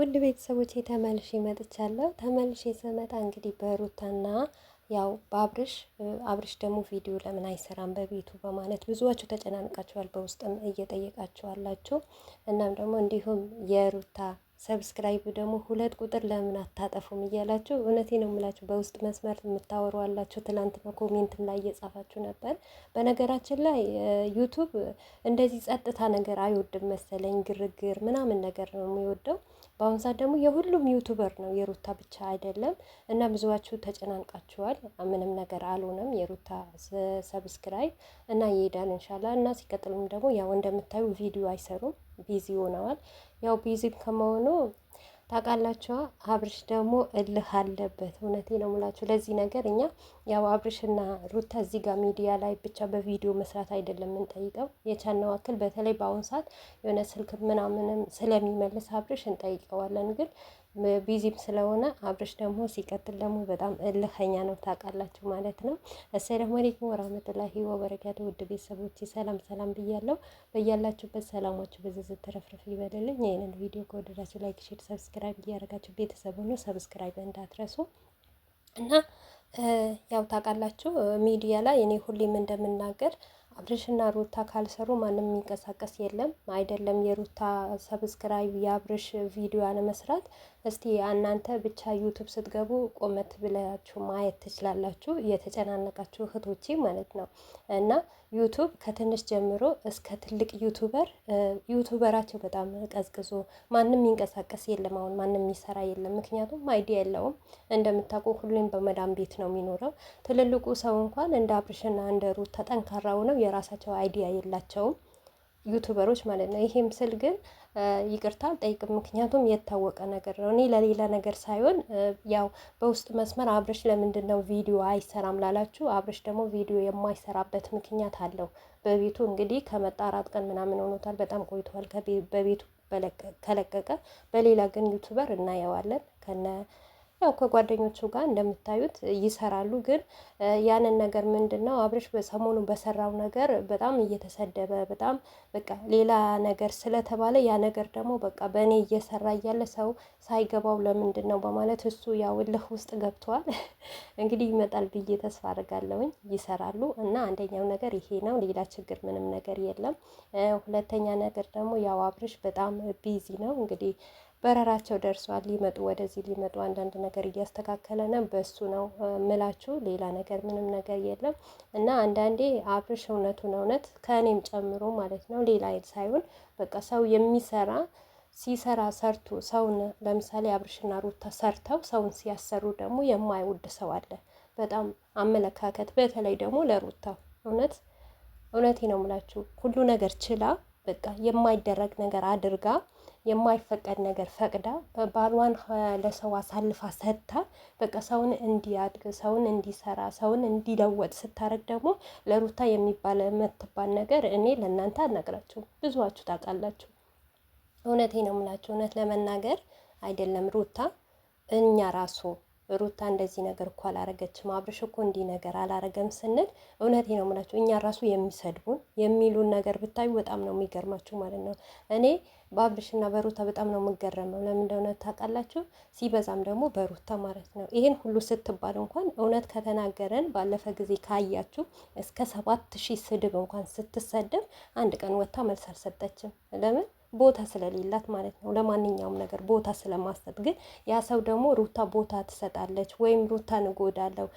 ውድ ቤተሰቦች ተመልሼ መጥቻለሁ። ተመልሼ ስመጣ እንግዲህ በሩታና ያው በአብርሽ አብርሽ ደግሞ ቪዲዮ ለምን አይሰራም በቤቱ በማለት ብዙዎቹ ተጨናንቃችኋል፣ በውስጥም እየጠየቃችኋላችሁ። እናም ደግሞ እንዲሁም የሩታ ሰብስክራይብ ደግሞ ሁለት ቁጥር ለምን አታጠፉም እያላችሁ እውነቴ ነው የምላችሁ በውስጥ መስመር የምታወሩ አላችሁ። ትናንት ኮሜንትም ላይ እየጻፋችሁ ነበር። በነገራችን ላይ ዩቱብ እንደዚህ ጸጥታ ነገር አይወድም መሰለኝ፣ ግርግር ምናምን ነገር ነው የሚወደው በአሁን ሰዓት ደግሞ የሁሉም ዩቱበር ነው፣ የሩታ ብቻ አይደለም። እና ብዙዋችሁ ተጨናንቃችኋል። ምንም ነገር አልሆነም። የሩታ ሰብስክራይብ እና ይሄዳል እንሻላ። እና ሲቀጥሉም ደግሞ ያው እንደምታዩ ቪዲዮ አይሰሩም፣ ቢዚ ሆነዋል። ያው ቢዚ ከመሆኑ ታውቃላችኋ። አብርሽ ደግሞ እልህ አለበት። እውነቴ ነው የምላችሁ። ለዚህ ነገር እኛ ያው አብርሽና ሩታ እዚህ ጋር ሚዲያ ላይ ብቻ በቪዲዮ መስራት አይደለም የምንጠይቀው፣ የቻልነው አክል በተለይ በአሁኑ ሰዓት የሆነ ስልክ ምናምንም ስለሚመልስ አብርሽ እንጠይቀዋለን ግን ቢዚም ስለሆነ አብርሽ ደግሞ ሲቀጥል ደግሞ በጣም እልኸኛ ነው ታውቃላችሁ ማለት ነው። አሰላሙ አለይኩም ወራህመቱላሂ ወበረካቱ ውድ ቤተሰቦች ሰላም ሰላም ብያለሁ። በያላችሁበት ሰላማችሁ በዝዝ ተረፍረፍ ይበልልኝ። ይህንን ቪዲዮ ከወደዳችሁ ላይክ፣ ሼር፣ ሰብስክራይብ እያደረጋችሁ ቤተሰቡ ነው ሰብስክራይብ እንዳትረሱ እና ያው ታውቃላችሁ ሚዲያ ላይ እኔ ሁሌም እንደምናገር አብርሽና ሩታ ካልሰሩ ማንም የሚንቀሳቀስ የለም። አይደለም የሩታ ሰብስክራይብ የአብርሽ ቪዲዮ አለመስራት። እስቲ እናንተ ብቻ ዩቱብ ስትገቡ ቆመት ብላችሁ ማየት ትችላላችሁ፣ የተጨናነቃችሁ እህቶቼ ማለት ነው። እና ዩቱብ ከትንሽ ጀምሮ እስከ ትልቅ ዩቱበር ዩቱበራቸው በጣም ቀዝቅዞ ማንም የሚንቀሳቀስ የለም። አሁን ማንም የሚሰራ የለም፣ ምክንያቱም አይዲያ የለውም። እንደምታውቁ ሁሉም በመዳም ቤት ነው የሚኖረው። ትልልቁ ሰው እንኳን እንደ አብርሽና እንደ ሩታ ጠንካራው ነው የራሳቸው አይዲያ የላቸውም ዩቱበሮች ማለት ነው። ይሄም ስል ግን ይቅርታ አልጠይቅም፣ ምክንያቱም የታወቀ ነገር ነው። እኔ ለሌላ ነገር ሳይሆን ያው በውስጥ መስመር አብረሽ ለምንድን ነው ቪዲዮ አይሰራም ላላችሁ፣ አብረሽ ደግሞ ቪዲዮ የማይሰራበት ምክንያት አለው። በቤቱ እንግዲህ ከመጣ አራት ቀን ምናምን ሆኖታል፣ በጣም ቆይተዋል በቤቱ ከለቀቀ። በሌላ ግን ዩቱበር እናየዋለን ከነ ያው ከጓደኞቹ ጋር እንደምታዩት ይሰራሉ። ግን ያንን ነገር ምንድን ነው አብርሽ በሰሞኑ በሰራው ነገር በጣም እየተሰደበ በጣም በቃ ሌላ ነገር ስለተባለ ያ ነገር ደግሞ በቃ በእኔ እየሰራ እያለ ሰው ሳይገባው ለምንድን ነው በማለት እሱ ያው እልህ ውስጥ ገብቷል። እንግዲህ ይመጣል ብዬ ተስፋ አድርጋለሁኝ። ይሰራሉ እና አንደኛው ነገር ይሄ ነው። ሌላ ችግር ምንም ነገር የለም። ሁለተኛ ነገር ደግሞ ያው አብርሽ በጣም ቢዚ ነው እንግዲህ በረራቸው ደርሷል። ሊመጡ ወደዚህ ሊመጡ አንዳንድ ነገር እያስተካከለ ነው። በሱ ነው ምላችሁ። ሌላ ነገር ምንም ነገር የለም እና አንዳንዴ አብርሽ እውነቱን እውነት ከእኔም ጨምሮ ማለት ነው ሌላ ሳይሆን በቃ ሰው የሚሰራ ሲሰራ ሰርቶ ሰውን ለምሳሌ አብርሽና ሩታ ሰርተው ሰውን ሲያሰሩ ደግሞ የማይወድ ሰው አለ። በጣም አመለካከት በተለይ ደግሞ ለሩታ እውነት እውነቴ ነው የምላችሁ ሁሉ ነገር ችላ በቃ የማይደረግ ነገር አድርጋ የማይፈቀድ ነገር ፈቅዳ ባሏን ለሰው አሳልፋ ሰጥታ በቃ ሰውን እንዲያድግ ሰውን እንዲሰራ ሰውን እንዲለወጥ ስታደርግ ደግሞ ለሩታ የሚባል የምትባል ነገር እኔ ለእናንተ አልነግራችሁም። ብዙዋችሁ ታውቃላችሁ። እውነቴ ነው የምላችሁ። እውነት ለመናገር አይደለም ሩታ እኛ ራሱ ሩታ እንደዚህ ነገር እኮ አላረገችም፣ አብርሽ እኮ እንዲህ ነገር አላረገም ስንል እውነቴ ነው የምላችሁ እኛ ራሱ የሚሰድቡን የሚሉን ነገር ብታዩ በጣም ነው የሚገርማችሁ ማለት ነው። እኔ በአብርሽና በሩታ በጣም ነው የምገረመው። ለምን እንደሆነ ታውቃላችሁ? ሲበዛም ደግሞ በሩታ ማለት ነው። ይሄን ሁሉ ስትባል እንኳን እውነት ከተናገረን ባለፈ ጊዜ ካያችሁ እስከ ሰባት ሺህ ስድብ እንኳን ስትሰደብ አንድ ቀን ወጥታ መልስ አልሰጠችም። ለምን ቦታ ስለሌላት ማለት ነው። ለማንኛውም ነገር ቦታ ስለማሰጥ ግን ያ ሰው ደግሞ ሩታ ቦታ ትሰጣለች ወይም ሩታ ንጎዳለው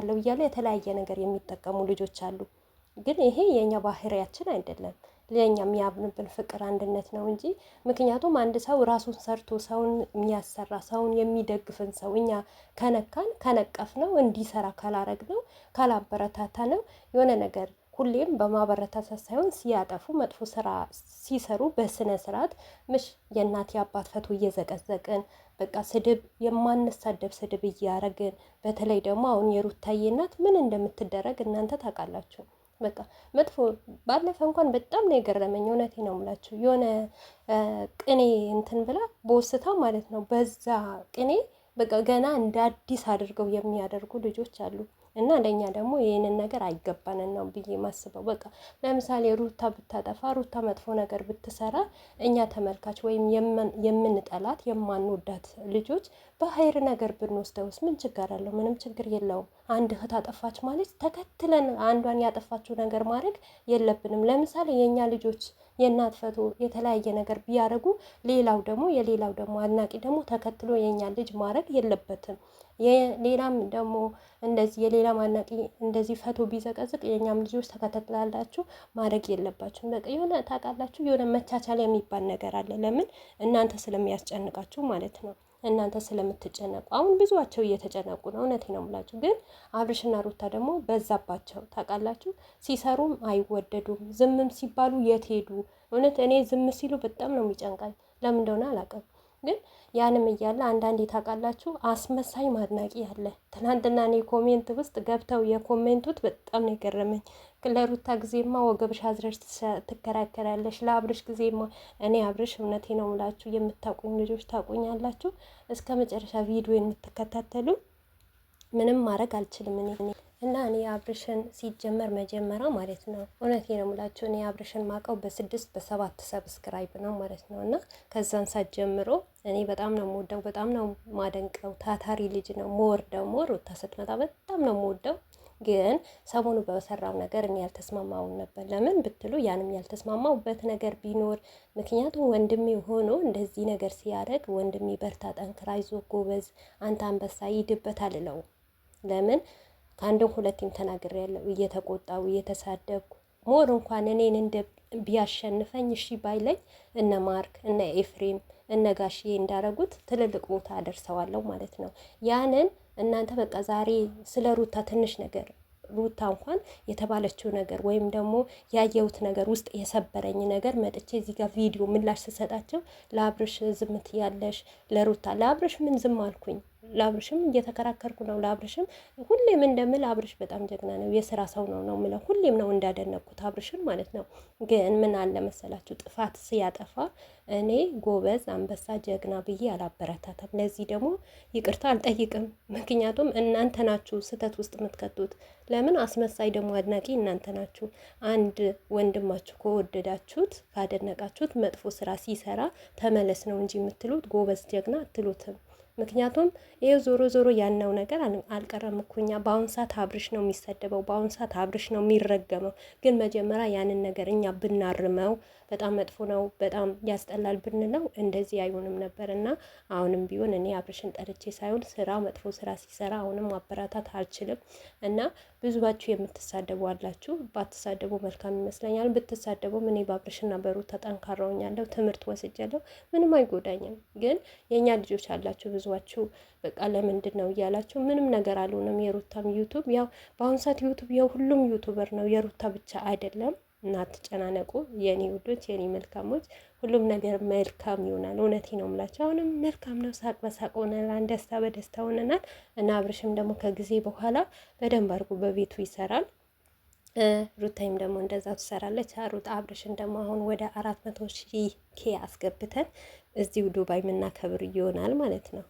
አለው እያለ የተለያየ ነገር የሚጠቀሙ ልጆች አሉ። ግን ይሄ የእኛ ባህሪያችን አይደለም። ለእኛ የሚያምንብን ፍቅር አንድነት ነው እንጂ ምክንያቱም አንድ ሰው ራሱን ሰርቶ ሰውን የሚያሰራ ሰውን የሚደግፍን ሰው እኛ ከነካን ከነቀፍ ነው እንዲሰራ ካላረግ ነው ካላበረታታ ነው የሆነ ነገር ሁሌም በማበረታታት ሳይሆን ሲያጠፉ መጥፎ ስራ ሲሰሩ በስነ ስርዓት ምሽ የእናት የአባት ፈቶ እየዘቀዘቅን በቃ ስድብ የማንሳደብ ስድብ እያረግን በተለይ ደግሞ አሁን የሩታዬ እናት ምን እንደምትደረግ እናንተ ታውቃላችሁ። በቃ መጥፎ ባለፈ እንኳን በጣም ነው የገረመኝ። እውነቴ ነው የምላችሁ የሆነ ቅኔ እንትን ብላ በወስታ ማለት ነው በዛ ቅኔ በቃ ገና እንደ አዲስ አድርገው የሚያደርጉ ልጆች አሉ። እና ለእኛ ደግሞ ይህንን ነገር አይገባንን ነው ብዬ ማስበው። በቃ ለምሳሌ ሩታ ብታጠፋ፣ ሩታ መጥፎ ነገር ብትሰራ እኛ ተመልካች ወይም የምንጠላት የማንወዳት ልጆች በሀይር ነገር ብንወስደውስ ምን ችግር አለው? ምንም ችግር የለውም። አንድ እህት አጠፋች ማለት ተከትለን አንዷን ያጠፋችው ነገር ማድረግ የለብንም። ለምሳሌ የእኛ ልጆች የእናት ፈቶ የተለያየ ነገር ቢያደርጉ ሌላው ደግሞ የሌላው ደግሞ አድናቂ ደግሞ ተከትሎ የእኛ ልጅ ማድረግ የለበትም። የሌላም ደግሞ እንደዚህ የሌላ ማናቂ እንደዚህ ፈቶ ቢዘቀዝቅ የእኛም ልጆች ተከታትላላችሁ ማድረግ የለባችሁም። በቃ የሆነ ታውቃላችሁ፣ የሆነ መቻቻል የሚባል ነገር አለ። ለምን እናንተ ስለሚያስጨንቃችሁ ማለት ነው። እናንተ ስለምትጨነቁ አሁን ብዙዋቸው እየተጨነቁ ነው። እውነቴ ነው የምላችሁ። ግን አብርሽና ሩታ ደግሞ በዛባቸው ታውቃላችሁ። ሲሰሩም አይወደዱም። ዝምም ሲባሉ የት ሄዱ? እውነት እኔ ዝም ሲሉ በጣም ነው የሚጨንቃኝ። ለምን እንደሆነ አላውቅም። ግን ያንም እያለ አንዳንዴ ታውቃላችሁ አስመሳይ ማድናቂ ያለ። ትናንትና እኔ ኮሜንት ውስጥ ገብተው የኮሜንቱት በጣም ነው የገረመኝ። ለሩታ ጊዜማ ወገብሽ አዝረሽ ትከራከራለሽ፣ ለአብርሽ ጊዜማ እኔ አብርሽ እውነቴ ነው ምላችሁ የምታውቁኝ ልጆች ታውቁኛላችሁ። እስከ መጨረሻ ቪዲዮ የምትከታተሉ ምንም ማድረግ አልችልም እኔ እና እኔ አብርሽን ሲጀመር መጀመሪያ ማለት ነው እውነቴ ነው የምላቸው እኔ አብርሽን ማቀው በስድስት በሰባት ሰብስክራይብ ነው ማለት ነው። እና ከዛን ሳት ጀምሮ እኔ በጣም ነው የምወደው፣ በጣም ነው ማደንቀው። ታታሪ ልጅ ነው የምወርደው፣ ሩታ ስትመጣ በጣም ነው የምወደው። ግን ሰሞኑ በሰራው ነገር እኔ ያልተስማማውን ነበር። ለምን ብትሉ ያንም ያልተስማማውበት ነገር ቢኖር ምክንያቱም ወንድሜ ሆኖ እንደዚህ ነገር ሲያደርግ ወንድሜ በርታ፣ ጠንክራ፣ አይዞህ፣ ጎበዝ፣ አንተ አንበሳ ይድበት አልለው ለምን ከአንድም ሁለቴም ያለው እየተቆጣው እየተሳደብኩ ሞር እንኳን እኔን እንደ ቢያሸንፈኝ እሺ ባይለኝ እነ ማርክ እነ ኤፍሬም እነ ጋሽዬ እንዳረጉት ትልልቅ ቦታ አደርሰዋለሁ ማለት ነው። ያንን እናንተ በቃ ዛሬ ስለ ሩታ ትንሽ ነገር ሩታ እንኳን የተባለችው ነገር ወይም ደግሞ ያየሁት ነገር ውስጥ የሰበረኝ ነገር መጥቼ እዚህ ጋር ቪዲዮ ምላሽ ስሰጣቸው ለአብርሽ ዝምት ያለሽ ለሩታ ለአብርሽ ምን ዝም አልኩኝ? ለአብርሽም እየተከራከርኩ ነው። ለአብርሽም ሁሌም እንደምል አብርሽ በጣም ጀግና ነው፣ የስራ ሰው ነው ነው ምለው ሁሌም ነው እንዳደነኩት አብርሽን ማለት ነው። ግን ምን አለ መሰላችሁ ጥፋት ሲያጠፋ እኔ ጎበዝ፣ አንበሳ፣ ጀግና ብዬ አላበረታተም። ለዚህ ደግሞ ይቅርታ አልጠይቅም። ምክንያቱም እናንተ ናችሁ ስህተት ውስጥ የምትከቱት። ለምን አስመሳይ ደግሞ አድናቂ እናንተ ናችሁ። አንድ ወንድማችሁ ከወደዳችሁት ካደነቃችሁት መጥፎ ስራ ሲሰራ ተመለስ ነው እንጂ የምትሉት ጎበዝ፣ ጀግና አትሉትም። ምክንያቱም ይሄ ዞሮ ዞሮ ያነው ነገር አልቀረም እኮ እኛ በአሁን ሰዓት አብርሽ ነው የሚሰደበው፣ በአሁን ሰዓት አብርሽ ነው የሚረገመው። ግን መጀመሪያ ያንን ነገር እኛ ብናርመው በጣም መጥፎ ነው፣ በጣም ያስጠላል ብንለው እንደዚህ አይሆንም ነበር እና አሁንም ቢሆን እኔ አብርሽን ጠርቼ ሳይሆን ስራ መጥፎ ስራ ሲሰራ አሁንም ማበራታት አልችልም እና ብዙባችሁ የምትሳደቡ አላችሁ። ባትሳደቡ መልካም ይመስለኛል። ብትሳደቡም እኔ በአብርሽና በሩታ ጠንካራውኛለሁ፣ ትምህርት ወስጃለሁ፣ ምንም አይጎዳኝም። ግን የእኛ ልጆች አላችሁ ብዙችሁ በቃ ለምንድን ነው እያላችሁ ምንም ነገር አልሆነም። የሩታም ዩቱብ ያው በአሁኑ ሰዓት ዩቱብ ያው ሁሉም ዩቱበር ነው የሩታ ብቻ አይደለም። እና አትጨናነቁ የኔ ውዶች፣ የኔ መልካሞች፣ ሁሉም ነገር መልካም ይሆናል። እውነቴ ነው የምላቸው። አሁንም መልካም ነው። ሳቅ በሳቅ ሆነናል፣ ደስታ በደስታ ሆነናል እና አብርሽም ደግሞ ከጊዜ በኋላ በደንብ አድርጎ በቤቱ ይሰራል። ሩታይም ደግሞ እንደዛ ትሰራለች። ሩት አብርሽን ደግሞ አሁን ወደ አራት መቶ ሺህ ኬ አስገብተን እዚሁ ዱባይ የምናከብር ይሆናል ማለት ነው።